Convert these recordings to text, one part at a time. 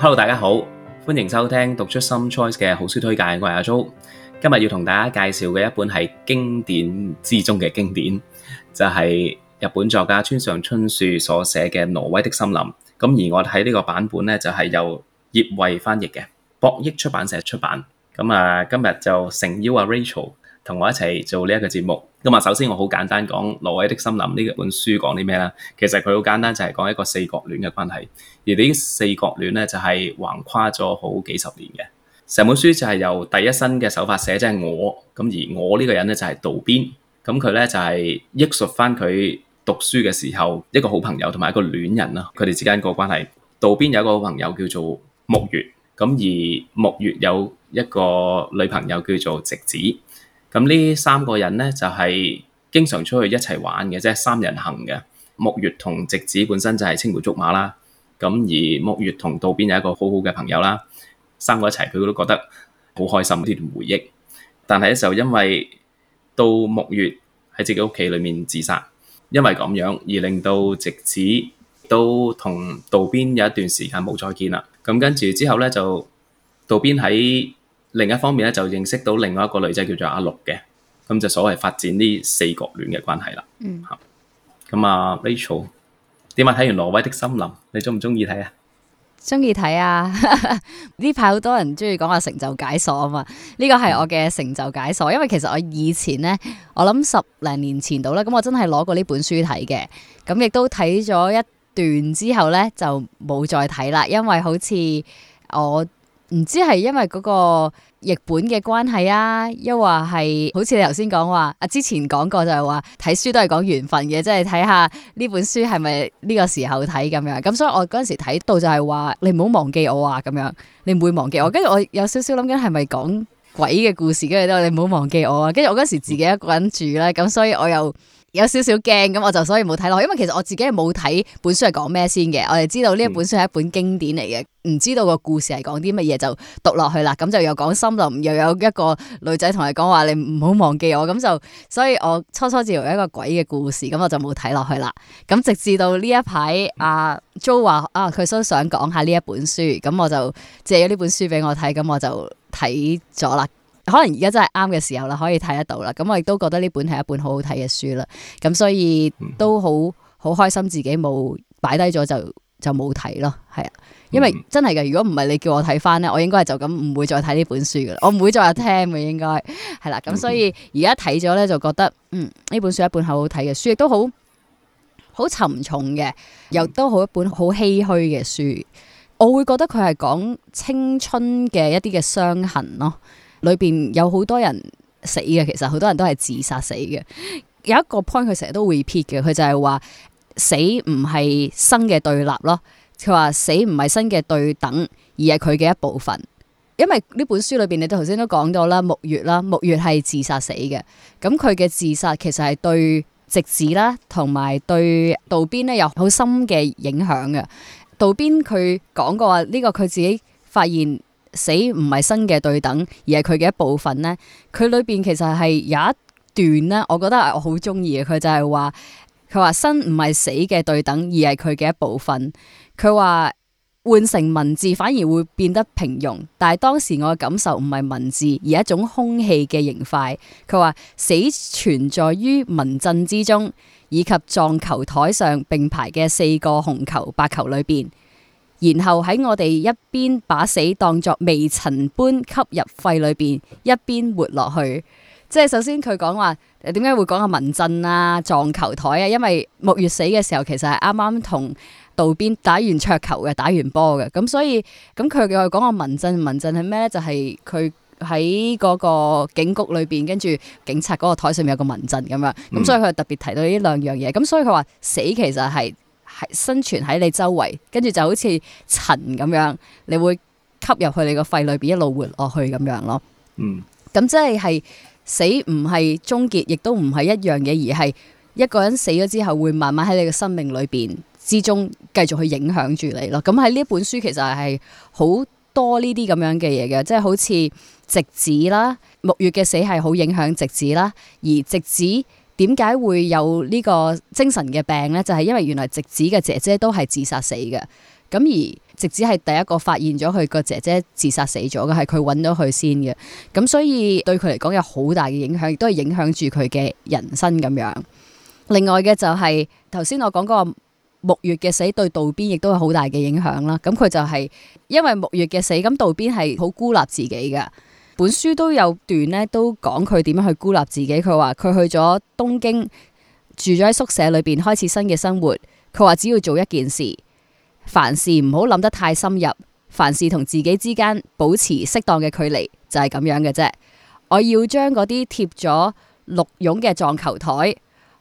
Hello，大家好，歡迎收聽讀出 Some Choice 嘅好書推介，我係阿 Joe，今日要同大家介紹嘅一本係經典之中嘅經典，就係、是、日本作家村上春樹所寫嘅《挪威的森林》，咁而我睇呢個版本呢，就係由葉蕙翻譯嘅，博益出版社出版，咁啊今日就誠邀阿 Rachel。同我一齊做呢一個節目，咁啊，首先我好簡單講《挪威的森林》呢本書講啲咩啦？其實佢好簡單，就係講一個四角戀嘅關係。而呢四角戀呢，就係橫跨咗好幾十年嘅。成本書就係由第一身嘅手法寫，即、就、係、是、我咁。而我呢個人咧就係渡邊咁，佢咧就係憶述返佢讀書嘅時候一個好朋友同埋一個戀人啦。佢哋之間個關係，渡邊有一個好朋友叫做木月咁，而木月有一個女朋友叫做直子。咁呢三個人呢，就係經常出去一齊玩嘅啫，三人行嘅。木月同直子本身就係青梅竹馬啦，咁而木月同渡邊有一個好好嘅朋友啦。三個一齊佢都覺得好開心，呢段回憶，但係就因為到木月喺自己屋企裏面自殺，因為咁樣而令到直子都同渡邊有一段時間冇再見啦。咁跟住之後呢，就渡邊喺。另一方面咧，就認識到另外一個女仔叫做阿綠嘅，咁就所謂發展呢四角戀嘅關係啦。嗯。嚇、啊。咁啊，Rachel，點解睇完挪威的森林，你中唔中意睇啊？中意睇啊！呢排好多人中意講話成就解鎖啊嘛，呢個係我嘅成就解鎖，因為其實我以前呢，我諗十零年前到啦，咁我真係攞過呢本書睇嘅，咁亦都睇咗一段之後呢，就冇再睇啦，因為好似我。唔知係因為嗰個譯本嘅關係啊，又話係好似你頭先講話啊，之前講過就係話睇書都係講緣分嘅，即係睇下呢本書係咪呢個時候睇咁樣，咁所以我嗰陣時睇到就係話你唔好忘記我啊咁樣，你唔會忘記我，跟住我有少少諗緊係咪講鬼嘅故事，跟住都你唔好忘記我啊，跟住我嗰時自己一個人住咧，咁所以我又。有少少驚咁，我就所以冇睇落去，因為其實我自己係冇睇本書係講咩先嘅，我哋知道呢本書係一本經典嚟嘅，唔知道個故事係講啲乜嘢就讀落去啦，咁就又講森林，又有一個女仔同你講話，你唔好忘記我，咁就所以我初初只係一個鬼嘅故事，咁我就冇睇落去啦。咁直至到呢一排阿 Jo 話啊，佢、啊、都想講下呢一本書，咁我就借咗呢本書俾我睇，咁我就睇咗啦。可能而家真係啱嘅時候啦，可以睇得到啦。咁我亦都覺得呢本係一本好好睇嘅書啦。咁所以都好好開心，自己冇擺低咗就就冇睇咯。係啊，因為真係嘅。如果唔係你叫我睇翻，咧，我應該係就咁唔會再睇呢本書㗎啦。我唔會再聽嘅，應該係啦。咁所以而家睇咗咧，就覺得嗯，呢本書一本好好睇嘅書，亦都好好沉重嘅，又都好一本好唏噓嘅書。我會覺得佢係講青春嘅一啲嘅傷痕咯。裏邊有好多人死嘅，其實好多人都係自殺死嘅。有一個 point 佢成日都會撇嘅，佢就係話死唔係生嘅對立咯，佢話死唔係生嘅對等，而係佢嘅一部分。因為呢本書裏邊，你都頭先都講咗啦，木月啦，木月係自殺死嘅，咁佢嘅自殺其實係對直子啦，同埋對渡邊呢有好深嘅影響嘅。渡邊佢講過話呢個，佢自己發現。死唔係生嘅對等，而係佢嘅一部分呢，佢裏邊其實係有一段咧，我覺得係我好中意嘅。佢就係話，佢話生唔係死嘅對等，而係佢嘅一部分。佢話換成文字反而會變得平庸，但係當時我嘅感受唔係文字，而一種空氣嘅形塊。佢話死存在於文鎮之中，以及撞球台上並排嘅四個紅球、白球裏邊。然後喺我哋一邊把死當作微塵般吸入肺裏邊，一邊活落去。即係首先佢講話，誒，點解會講下文鎮啊撞球台啊？因為木月死嘅時候其實係啱啱同道邊打完桌球嘅，打完波嘅。咁所以咁佢又講個文鎮，文鎮係咩咧？就係佢喺嗰個警局裏邊，跟住警察嗰個台上面有個文鎮咁樣。咁所以佢特別提到呢兩樣嘢。咁所以佢話死其實係。係生存喺你周圍，跟住就好似塵咁樣，你會吸入去你個肺裏邊，一路活落去咁樣咯。嗯，咁即係係死唔係終結，亦都唔係一樣嘢，而係一個人死咗之後，會慢慢喺你嘅生命裏邊之中，繼續去影響住你咯。咁喺呢一本書，其實係好多呢啲咁樣嘅嘢嘅，即係好似直子啦，木月嘅死係好影響直子啦，而直子。點解會有呢個精神嘅病呢？就係因為原來直子嘅姐姐都係自殺死嘅，咁而直子係第一個發現咗佢個姐姐自殺死咗嘅，係佢揾咗佢先嘅，咁所以對佢嚟講有好大嘅影響，亦都係影響住佢嘅人生咁樣。另外嘅就係頭先我講嗰個木月嘅死對渡邊亦都有好大嘅影響啦。咁佢就係因為木月嘅死，咁渡邊係好孤立自己嘅。本書都有段咧，都講佢點樣去孤立自己。佢話佢去咗東京，住咗喺宿舍裏邊，開始新嘅生活。佢話只要做一件事，凡事唔好諗得太深入，凡事同自己之間保持適當嘅距離，就係咁樣嘅啫。我要將嗰啲貼咗鹿茸嘅撞球台、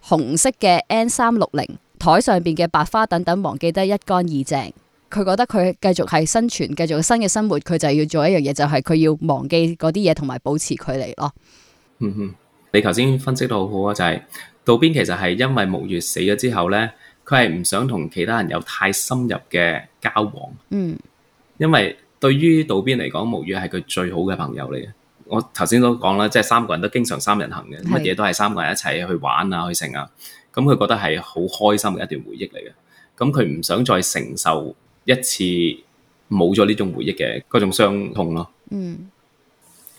紅色嘅 N 三六零台上邊嘅白花等等，忘記得一乾二淨。佢覺得佢繼續係生存，繼續新嘅生活，佢就要做一樣嘢，就係、是、佢要忘記嗰啲嘢，同埋保持距離咯。嗯哼，你頭先分析得好好啊，就係、是、渡邊其實係因為木月死咗之後咧，佢係唔想同其他人有太深入嘅交往。嗯，因為對於渡邊嚟講，木月係佢最好嘅朋友嚟嘅。我頭先都講啦，即、就、係、是、三個人都經常三人行嘅，乜嘢都係三個人一齊去玩啊，去成啊。咁、嗯、佢覺得係好開心嘅一段回憶嚟嘅。咁佢唔想再承受。一次冇咗呢種回憶嘅嗰種傷痛咯、啊，嗯，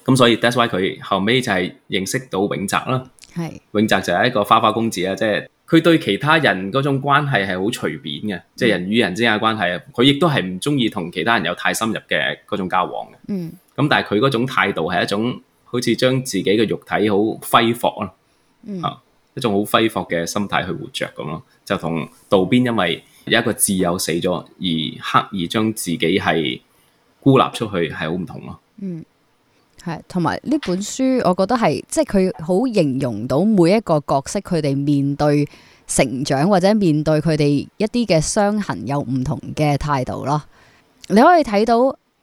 咁所以 that's why 佢後尾就係認識到永澤啦，係永澤就係一個花花公子啊，即係佢對其他人嗰種關係係好隨便嘅，即係人與人之間嘅關係啊，佢亦都係唔中意同其他人有太深入嘅嗰種交往嘅，嗯，咁但係佢嗰種態度係一種好似將自己嘅肉體好揮霍咯，嗯、啊，一種好揮霍嘅心態去活着咁咯，就同渡邊因為一個摯友死咗，而刻意將自己係孤立出去，係好唔同咯。嗯，係，同埋呢本書，我覺得係即係佢好形容到每一個角色，佢哋面對成長或者面對佢哋一啲嘅傷痕有唔同嘅態度咯。你可以睇到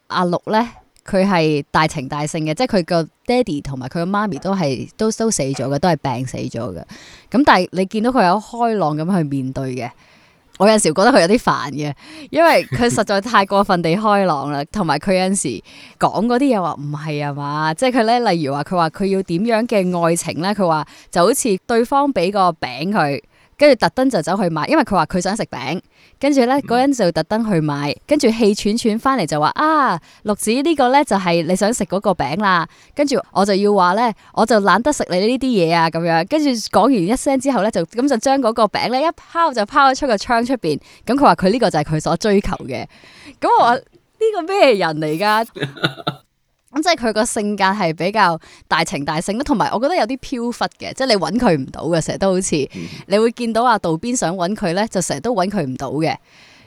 阿、啊、綠呢，佢係大情大性嘅，即係佢個爹哋同埋佢個媽咪都係都都死咗嘅，都係病死咗嘅。咁但係你見到佢有開朗咁去面對嘅。我有陣時覺得佢有啲煩嘅，因為佢實在太過分地開朗啦，同埋佢有陣時講嗰啲嘢，話唔係啊嘛，即係佢咧，例如話佢話佢要點樣嘅愛情咧，佢話就好似對方俾個餅佢。跟住特登就走去買，因為佢話佢想食餅。跟住咧，嗰、嗯、人就特登去買，跟住氣喘喘翻嚟就話啊，綠子、這個、呢個咧就係、是、你想食嗰個餅啦。跟住我就要話咧，我就懶得食你呢啲嘢啊咁樣。跟住講完一聲之後咧，就咁就將嗰個餅咧一拋就拋咗出個窗出邊。咁佢話佢呢個就係佢所追求嘅。咁我話呢、這個咩人嚟噶？ 咁即係佢個性格係比較大情大性咯，同埋我覺得有啲飄忽嘅，即係你搵佢唔到嘅，成日都好似、嗯、你會見到阿渡邊想搵佢咧，就成日都搵佢唔到嘅，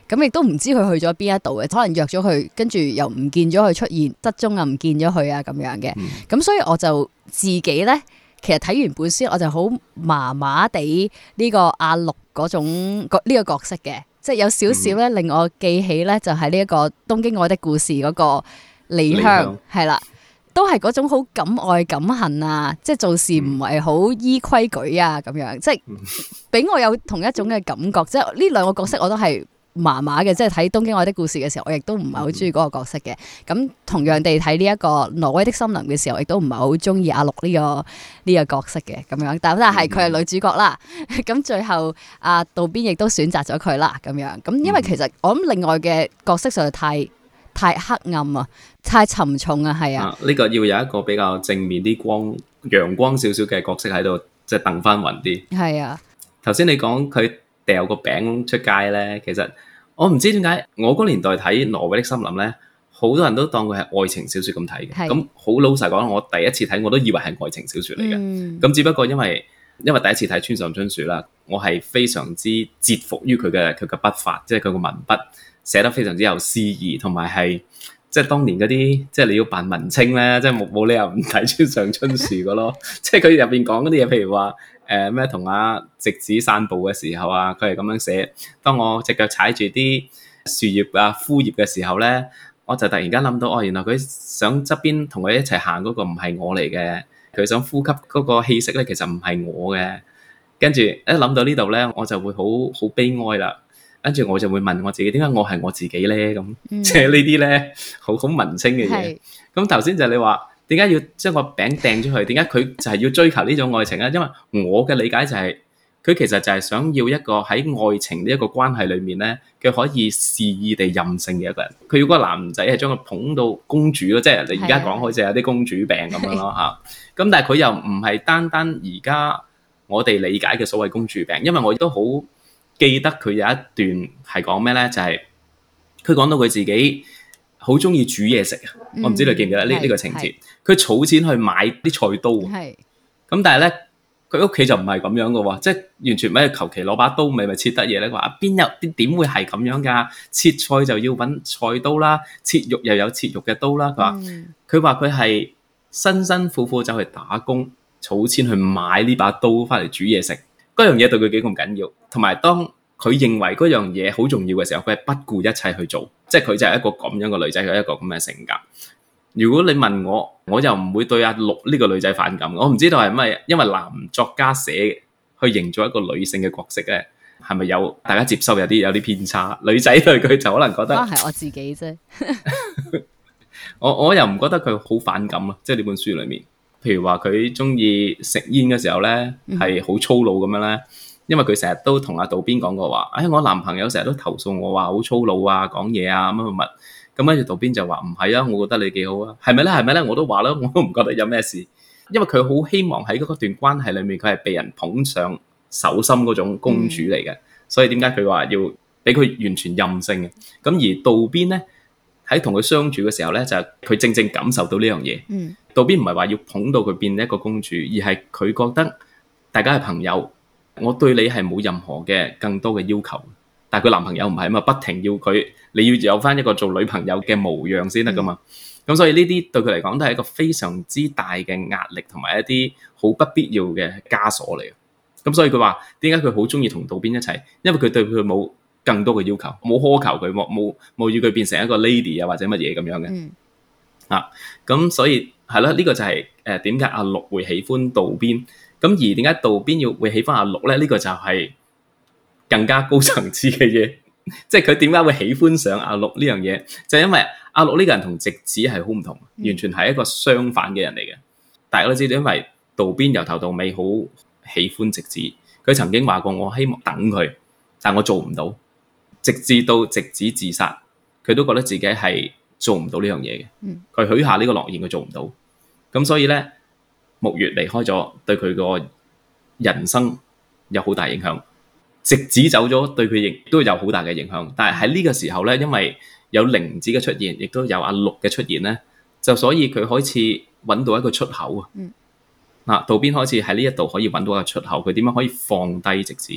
咁亦都唔知佢去咗邊一度嘅，可能約咗佢，跟住又唔見咗佢出現，失蹤啊，唔見咗佢啊，咁樣嘅，咁所以我就自己咧，其實睇完本書我就好麻麻地呢個阿綠嗰種呢、這個角色嘅，即係有少少咧令我記起咧就係呢一個東京愛的故事嗰、那個。李香，係啦鄉，都係嗰種好敢愛敢恨啊！即係做事唔係好依規矩啊，咁樣即係俾我有同一種嘅感覺。 即係呢兩個角色我都係麻麻嘅。 即係睇《東京愛的故事》嘅時候，我亦都唔係好中意嗰個角色嘅。咁同樣地睇呢一個《挪威的森林》嘅時候，亦都唔係好中意阿綠呢、這個呢、這個角色嘅咁樣。但係但係佢係女主角啦。咁 最後阿、啊、渡邊亦都選擇咗佢啦。咁樣咁因為其實我諗另外嘅角色實在太。太黑暗啊，太沉重啊，係啊，呢、啊這個要有一個比較正面啲光、陽光少少嘅角色喺度，即係鄧翻勻啲。係啊，頭先你講佢掉個餅出街咧，其實我唔知點解我嗰年代睇《挪威的森林》咧，好多人都當佢係愛情小說咁睇嘅。咁好、啊、老實講，我第一次睇我都以為係愛情小說嚟嘅。咁、嗯、只不過因為因為第一次睇《村上春樹》啦，我係非常之折服於佢嘅佢嘅筆法，即係佢個文筆。寫得非常之有詩意，同埋係即係當年嗰啲，即係你要扮文青咧，即係冇冇理由唔睇村上春樹嘅咯。 即係佢入邊講嗰啲嘢，譬如話誒咩同阿直子散步嘅時候啊，佢係咁樣寫。當我隻腳踩住啲樹葉啊、枯葉嘅時候咧，我就突然間諗到，哦，原來佢想側邊同佢一齊行嗰個唔係我嚟嘅，佢想呼吸嗰個氣息咧，其實唔係我嘅。跟住一諗到呢度咧，我就會好好悲哀啦。跟住我就會問我自己，點解我係我自己咧？咁即係呢啲咧，好好 文青嘅嘢。咁頭先就你話，點解要將個餅掟出去？點解佢就係要追求呢種愛情咧？因為我嘅理解就係、是，佢其實就係想要一個喺愛情呢一個關係裏面咧，佢可以肆意地任性嘅一個人。佢要個男仔係將佢捧到公主咯，是即係你而家講好似有啲公主病咁樣咯嚇。咁是 但係佢又唔係單單而家我哋理解嘅所謂公主病，因為我亦都好。記得佢有一段係講咩咧？就係佢講到佢自己好中意煮嘢食啊！嗯、我唔知你記唔記得呢呢、嗯、個情節。佢儲錢去買啲菜刀啊！咁是但係咧，佢屋企就唔係咁樣嘅喎，即係完全唔係求其攞把刀咪咪切得嘢咧。佢話邊有啲點會係咁樣噶？切菜就要揾菜刀啦，切肉又有切肉嘅刀啦。佢話佢話佢係辛辛苦苦走去打工，儲錢去買呢把刀翻嚟煮嘢食。嗰樣嘢對佢幾咁緊要，同埋當佢認為嗰樣嘢好重要嘅時候，佢係不顧一切去做，即係佢就係一個咁樣嘅女仔，有一個咁嘅性格。如果你問我，我又唔會對阿綠呢個女仔反感。我唔知道係咪因為男作家寫去營造一個女性嘅角色咧，係咪有大家接受有啲有啲偏差？女仔對佢就可能覺得，都係我自己啫 我我又唔覺得佢好反感囉，即係呢本書裏面。譬如話佢中意食煙嘅時候咧，係好粗魯咁樣咧，因為佢成日都同阿渡邊講過話，哎，我男朋友成日都投訴我話好粗魯啊，講嘢啊，乜乜乜，咁跟住渡邊就話唔係啊，我覺得你幾好啊，係咪咧？係咪咧？我都話啦，我都唔覺得有咩事，因為佢好希望喺嗰段關係裏面佢係被人捧上手心嗰種公主嚟嘅。嗯、所以點解佢話要俾佢完全任性嘅？咁而渡邊咧？喺同佢相處嘅時候咧，就係佢正正感受到呢樣嘢。嗯，渡邊唔係話要捧到佢變一個公主，而係佢覺得大家係朋友，我對你係冇任何嘅更多嘅要求。但係佢男朋友唔係啊嘛，不停要佢你要有返一個做女朋友嘅模樣先得噶嘛。咁、嗯、所以呢啲對佢嚟講都係一個非常之大嘅壓力同埋一啲好不必要嘅枷鎖嚟嘅。咁所以佢話點解佢好中意同渡邊一齊？因為佢對佢冇。更多嘅要求，冇苛求佢，冇冇冇要佢變成一個 lady 啊，或者乜嘢咁樣嘅、嗯、啊。咁所以係啦，呢、嗯、個就係誒點解阿六會喜歡渡邊咁，而點解渡邊要會喜歡阿六咧？呢、這個就係更加高層次嘅嘢，即係佢點解會喜歡上阿六呢樣嘢？就是、因為阿六呢個人同直子係好唔同，完全係一個相反嘅人嚟嘅。大家都知道，因為渡邊由頭到尾好喜歡直子，佢曾經話過我希望等佢，但我做唔到。直至到直子自殺，佢都覺得自己係做唔到呢樣嘢嘅。佢許下呢個諾言，佢做唔到。咁所以呢，木月離開咗，對佢個人生有好大影響。直子走咗，對佢亦都有好大嘅影響。但係喺呢個時候呢，因為有玲子嘅出現，亦都有阿綠嘅出現呢，就所以佢開始揾到一個出口啊。嗱，渡邊開始喺呢一度可以揾到一個出口。佢點、嗯、樣可以放低直子？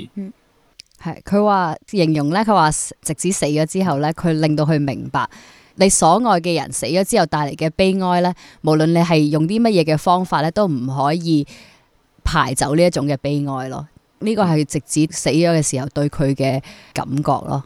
係佢話，形容咧，佢話直子死咗之後咧，佢令到佢明白，你所愛嘅人死咗之後帶嚟嘅悲哀咧，無論你係用啲乜嘢嘅方法咧，都唔可以排走呢一種嘅悲哀咯。呢個係直子死咗嘅時候對佢嘅感覺咯。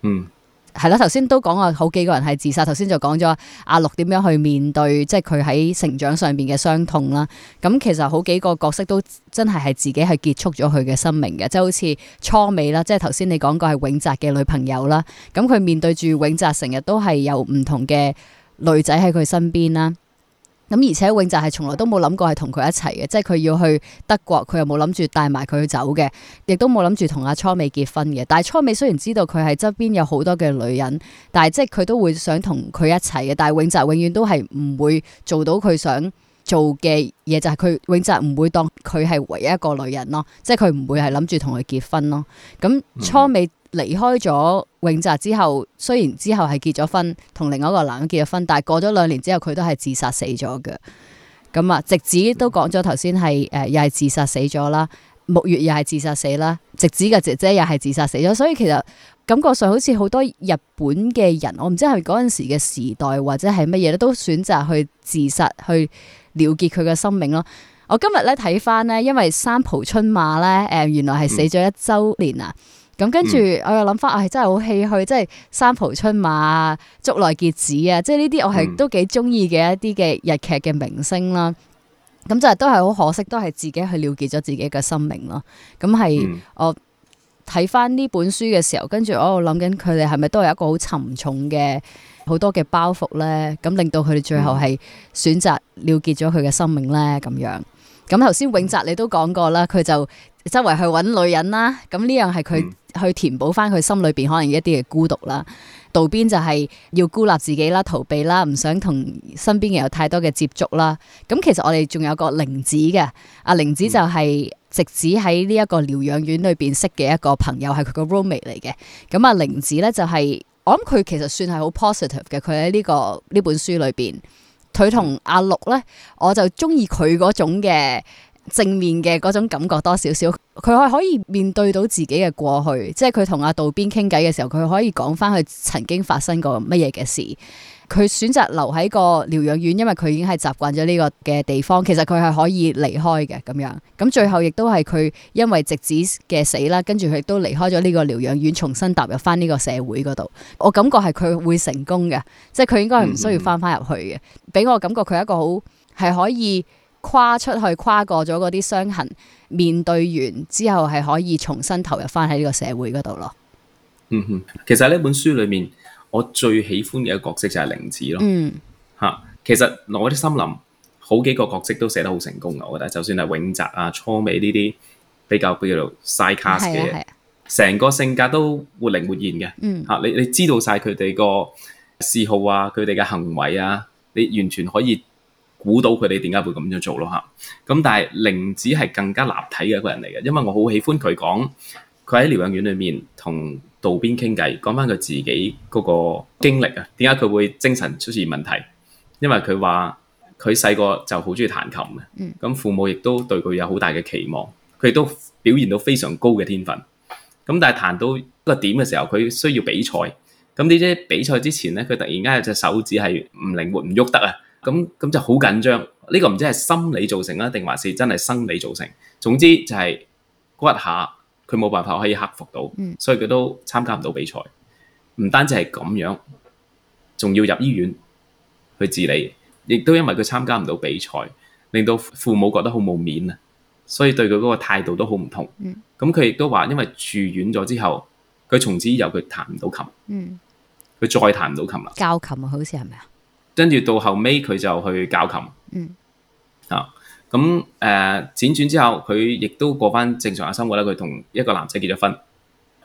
嗯。係啦，頭先都講過，好幾個人係自殺。頭先就講咗阿六點樣去面對，即係佢喺成長上邊嘅傷痛啦。咁其實好幾個角色都真係係自己係結束咗佢嘅生命嘅，即係好似初美啦，即係頭先你講過係永澤嘅女朋友啦。咁佢面對住永澤，成日都係有唔同嘅女仔喺佢身邊啦。咁而且永澤係從來都冇諗過係同佢一齊嘅，即係佢要去德國，佢又冇諗住帶埋佢走嘅，亦都冇諗住同阿初美結婚嘅。但係初美雖然知道佢係側邊有好多嘅女人，但係即係佢都會想同佢一齊嘅。但係永澤永遠都係唔會做到佢想做嘅嘢就係佢永澤唔會當佢係唯一一個女人咯，即係佢唔會係諗住同佢結婚咯。咁初美離開咗永澤之後，雖然之後係結咗婚，同另外一個男人結咗婚，但係過咗兩年之後，佢都係自殺死咗嘅。咁啊，直子都講咗頭先係誒，又係自殺死咗啦。木月又係自殺死啦，直子嘅姐姐又係自殺死咗。所以其實感覺上好似好多日本嘅人，我唔知係嗰陣時嘅時代或者係乜嘢咧，都選擇去自殺去。了結佢嘅生命咯。我今日咧睇翻咧，因為三浦春馬咧，誒、呃、原來係死咗一周年啊。咁跟住我又諗翻，啊、哎、真係好唏噓，即係三浦春馬啊、竹內結子啊，即係呢啲我係都幾中意嘅一啲嘅日劇嘅明星啦。咁、嗯、就係都係好可惜，都係自己去了結咗自己嘅生命咯。咁、嗯、係我，睇翻呢本書嘅時候，跟住我喺度諗緊佢哋係咪都有一個好沉重嘅好多嘅包袱呢？咁令到佢哋最後係選擇了結咗佢嘅生命呢？咁樣。咁頭先永澤你都講過啦，佢就周圍去揾女人啦，咁呢樣係佢去填補翻佢心裏邊可能一啲嘅孤獨啦。渡邊就係要孤立自己啦，逃避啦，唔想同身邊嘅人有太多嘅接觸啦。咁其實我哋仲有個玲子嘅，阿玲子就係直子喺呢一個療養院裏邊識嘅一個朋友，係佢個 roommate 嚟嘅。咁阿玲子咧就係、是，我諗佢其實算係好 positive 嘅，佢喺呢個呢本書裏邊。佢同阿綠呢，我就中意佢嗰種嘅。正面嘅嗰種感覺多少少，佢係可以面對到自己嘅過去，即係佢同阿渡邊傾偈嘅時候，佢可以講翻佢曾經發生過乜嘢嘅事。佢選擇留喺個療養院，因為佢已經係習慣咗呢個嘅地方。其實佢係可以離開嘅咁樣。咁最後亦都係佢因為直子嘅死啦，跟住佢都離開咗呢個療養院，重新踏入翻呢個社會嗰度。我感覺係佢會成功嘅，即係佢應該係唔需要翻翻入去嘅。俾、嗯、我感覺佢係一個好係可以。跨出去，跨過咗嗰啲傷痕，面對完之後係可以重新投入翻喺呢個社會嗰度咯。嗯哼，其實呢本書裏面，我最喜歡嘅一個角色就係玲子咯。嗯，吓，其實《挪威的森林》好幾個角色都寫得好成功嘅，我覺得，就算係永澤啊、初美呢啲比，比較叫做 sidecast 嘅嘢，成個性格都活靈活現嘅。嗯、吓、啊，你你知道晒佢哋個嗜好啊，佢哋嘅行為啊，你完全可以。估到佢哋點解會咁樣做咯吓，咁但係玲子係更加立體嘅一個人嚟嘅，因為我好喜歡佢講，佢喺療養院裏面同渡邊傾偈，講翻佢自己嗰個經歷啊，點解佢會精神出現問題？因為佢話佢細個就好中意彈琴嘅，咁父母亦都對佢有好大嘅期望，佢亦都表現到非常高嘅天分。咁但係彈到一個點嘅時候，佢需要比賽，咁呢啲比賽之前咧，佢突然間有隻手指係唔靈活唔喐得啊！咁咁就好緊張，呢個唔知係心理造成啦，定還是真係生理造成。總之就係嗰下佢冇辦法可以克服到，嗯、所以佢都參加唔到比賽。唔單止係咁樣，仲要入醫院去治理，亦都因為佢參加唔到比賽，令到父母覺得好冇面啊，所以對佢嗰個態度都好唔同。咁佢亦都話，因為住院咗之後，佢從此以後佢彈唔到琴。佢、嗯、再彈唔到琴啦。教琴啊，好似係咪啊？跟住到後尾佢就去教琴，啊、嗯，咁誒輾轉之後，佢亦都過翻正常嘅生活啦。佢同一個男仔結咗婚，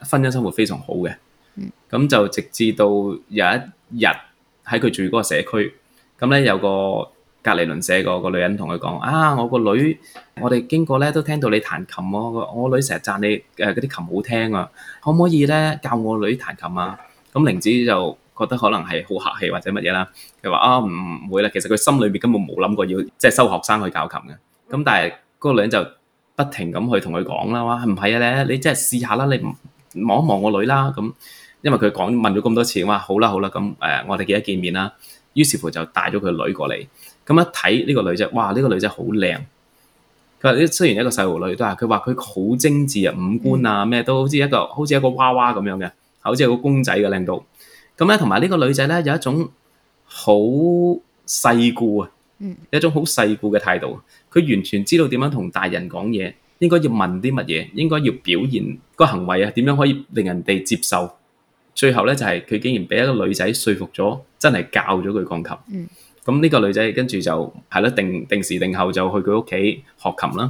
婚姻生活非常好嘅。咁、嗯、就直至到有一日喺佢住嗰個社區，咁咧有個隔離鄰舍個女人同佢講：啊，我個女，我哋經過咧都聽到你彈琴喎、啊，我女成日讚你誒嗰啲琴好聽啊，可唔可以咧教我女彈琴啊？咁玲子就。覺得可能係好客氣或者乜嘢啦，佢話啊，唔會啦，其實佢心裏面根本冇諗過要即係收學生去教琴嘅。咁但係嗰、那個女人就不停咁去同佢講啦，哇唔係啊咧，你即係試下啦，你望一望我女啦。咁因為佢講問咗咁多次，哇好啦好啦，咁、嗯、誒、嗯、我哋記得見面啦？於是乎就帶咗佢女過嚟。咁一睇呢個女仔，哇呢、這個女仔好靚。佢話雖然一個細路女，都係佢話佢好精緻啊，五官啊咩都好似一個好似一個娃娃咁樣嘅，好似個公仔嘅靚度。咁咧，同埋呢個女仔咧有一種好世故啊，有一種好世故嘅態度。佢完全知道點樣同大人講嘢，應該要問啲乜嘢，應該要表現個行為啊，點樣可以令人哋接受。最後咧，就係佢竟然俾一個女仔説服咗，真係教咗佢鋼琴。咁呢個女仔跟住就係咯，定定時定候就去佢屋企學琴啦。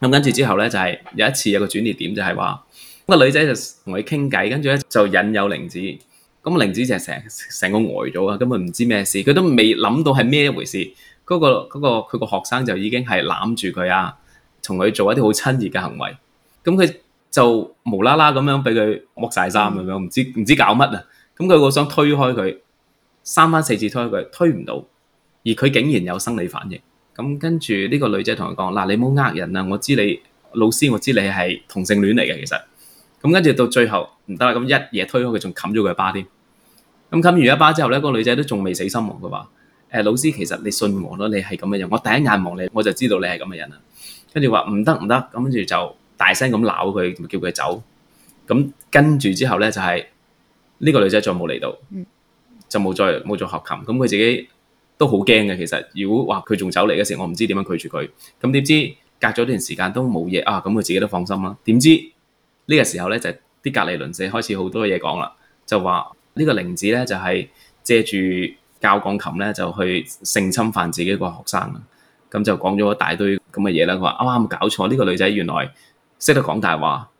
咁跟住之後咧，就係有一次有個轉折點就，就係話個女仔就同佢傾偈，跟住咧就引誘玲子。咁玲子就成成個呆咗啊！根本唔知咩事，佢都未諗到係咩一回事。嗰、嗰個、嗰個佢個學生就已經係攬住佢啊，同佢做一啲好親熱嘅行為。咁佢就無啦啦咁樣俾佢剝晒衫咁樣，唔、嗯、知唔知搞乜啊！咁佢好想推開佢，三番四次推開佢，推唔到。而佢竟然有生理反應。咁跟住呢個女仔同佢講：嗱，你冇呃人啊！我知你老師，我知你係同性戀嚟嘅，其實。咁跟住到最後唔得啦，咁一夜推開佢，仲冚咗佢個巴添。咁冚完一巴之後咧，個女仔都仲未死心喎。佢話：誒老師，其實你信我啦，你係咁嘅人。我第一眼望你，我就知道你係咁嘅人啦。跟住話唔得唔得，跟住就大聲咁鬧佢，叫佢走。咁跟住之後咧，就係呢個女仔再冇嚟到，就冇再冇再學琴。咁佢自己都好驚嘅。其實如果話佢仲走嚟嘅時候，我唔知點樣拒絕佢。咁點知隔咗段時間都冇嘢啊。咁佢自己都放心啦。點知？呢個時候咧，就啲、是、隔離鄰舍開始好多嘢講啦，就話、這個、呢個玲子咧就係、是、借住教鋼琴咧就去性侵犯自己一個學生，咁就講咗一大堆咁嘅嘢啦。佢話啱啱搞錯，呢、這個女仔原來識得講大話，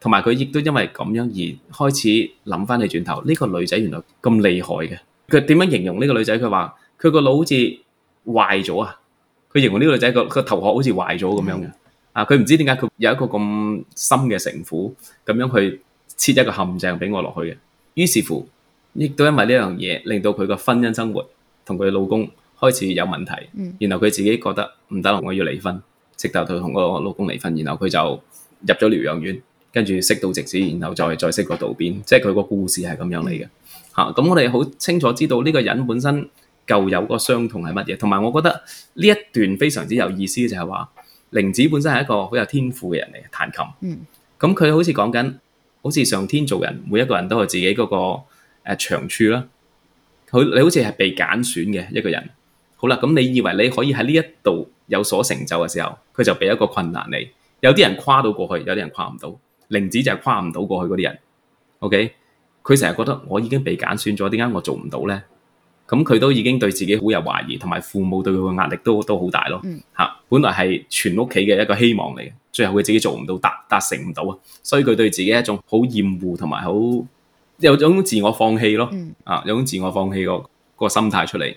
同埋佢亦都因為咁樣而開始諗翻你轉頭，呢、這個女仔原來咁厲害嘅。佢點樣形容呢個女仔？佢話佢個腦好似壞咗啊！佢形容呢個女仔個個頭殼好似壞咗咁樣嘅。嗯啊！佢唔知點解佢有一個咁深嘅城府，咁樣去設一個陷阱俾我落去嘅。於是乎，亦都因為呢樣嘢，令到佢個婚姻生活同佢老公開始有問題。嗯、然後佢自己覺得唔得，我要離婚，直到佢同個老公離婚。然後佢就入咗療養院，跟住識到直子，然後再再識個渡邊，即係佢個故事係咁樣嚟嘅。吓、啊，咁我哋好清楚知道呢個人本身舊有個傷痛係乜嘢，同埋我覺得呢一段非常之有意思就係、是、話。玲子本身係一個好有天賦嘅人嚟，彈琴。咁佢、嗯、好似講緊，好似上天做人，每一個人都有自己嗰個誒長處啦。佢你好似係被揀選嘅一個人。好啦，咁你以為你可以喺呢一度有所成就嘅時候，佢就俾一個困難你。有啲人跨到過去，有啲人跨唔到。玲子就係跨唔到過去嗰啲人。OK，佢成日覺得我已經被揀選咗，點解我做唔到咧？咁佢都已經對自己好有懷疑，同埋父母對佢嘅壓力都都好大咯。吓、嗯，本來係全屋企嘅一個希望嚟，最後佢自己做唔到，達達成唔到啊，所以佢對自己一種好厭惡，同埋好有種自我放棄咯。嗯、啊，有種自我放棄個、嗰個心態出嚟。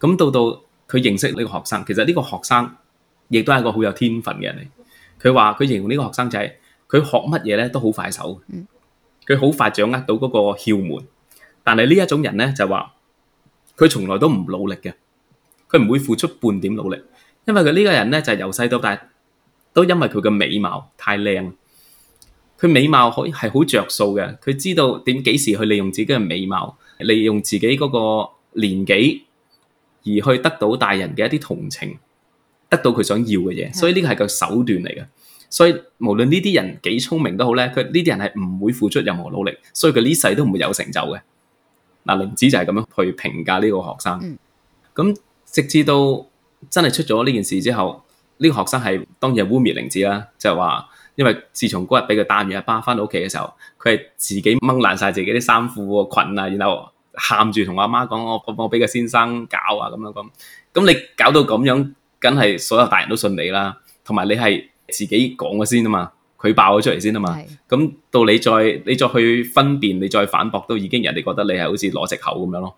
咁到到佢認識呢個學生，其實呢個學生亦都係個好有天分嘅人嚟。佢話佢形容呢個學生就係佢學乜嘢咧都好快手，佢好、嗯、快掌握到嗰個竅門。但係呢一種人咧就話。佢從來都唔努力嘅，佢唔會付出半點努力，因為佢呢個人咧就係由細到大都因為佢嘅美貌太靚，佢美貌可以係好着數嘅。佢知道點幾時去利用自己嘅美貌，利用自己嗰個年紀，而去得到大人嘅一啲同情，得到佢想要嘅嘢。是的 所以呢個係個手段嚟嘅。所以無論呢啲人幾聰明都好咧，佢呢啲人係唔會付出任何努力，所以佢呢世都唔會有成就嘅。嗱，玲子就係咁樣去評價呢個學生。咁、嗯、直至到真係出咗呢件事之後，呢、呢個學生係當然係污蔑玲子啦，就係、係、話，因為自從嗰日俾佢打完阿巴，翻到屋企嘅時候，佢係自己掹爛晒自己啲衫褲裙啊，然後喊住同阿媽講：我我俾個先生搞啊咁樣咁。咁你搞到咁樣，梗係所有大人都信你啦，同埋你係自己講嘅先啊嘛。佢爆咗出嚟先啊嘛，咁是到你再你再去分辨，你再反駁，都已經人哋覺得你係好似攞藉口咁樣咯。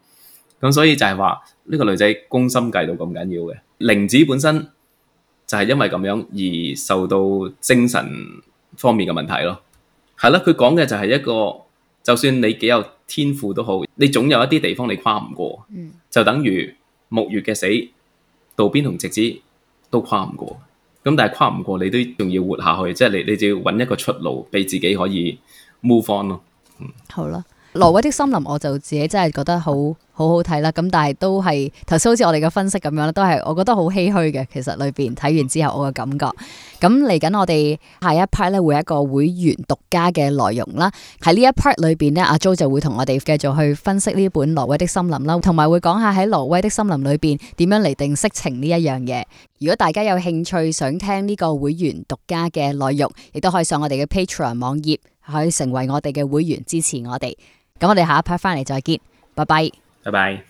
咁所以就係話呢個女仔攻心計到咁緊要嘅，玲子本身就係因為咁樣而受到精神方面嘅問題咯。係啦，佢講嘅就係一個，就算你幾有天賦都好，你總有一啲地方你跨唔過。嗯，就等於木月嘅死，渡邊同直子都跨唔過。咁但係跨唔過，你都仲要活下去，即係你你就要揾一個出路畀自己可以 move on 咯。嗯，好啦。挪威的森林我就自己真係覺得好好好睇啦，咁但係都係，頭先好似我哋嘅分析咁樣啦，都係我覺得好唏嘘嘅。其實裏邊睇完之後我嘅感覺，咁嚟緊我哋下一 part 咧，會有一個會員獨家嘅內容啦。喺呢一 part 裏邊呢，阿 Jo 就會同我哋繼續去分析呢本挪威的森林啦，同埋會講下喺挪威的森林裏邊點樣嚟定色情呢一樣嘢。如果大家有興趣想聽呢個會員獨家嘅內容，亦都可以上我哋嘅 Patreon 網頁，可以成為我哋嘅會員支持我哋。咁我哋下一 part 翻嚟再見，拜拜，拜拜。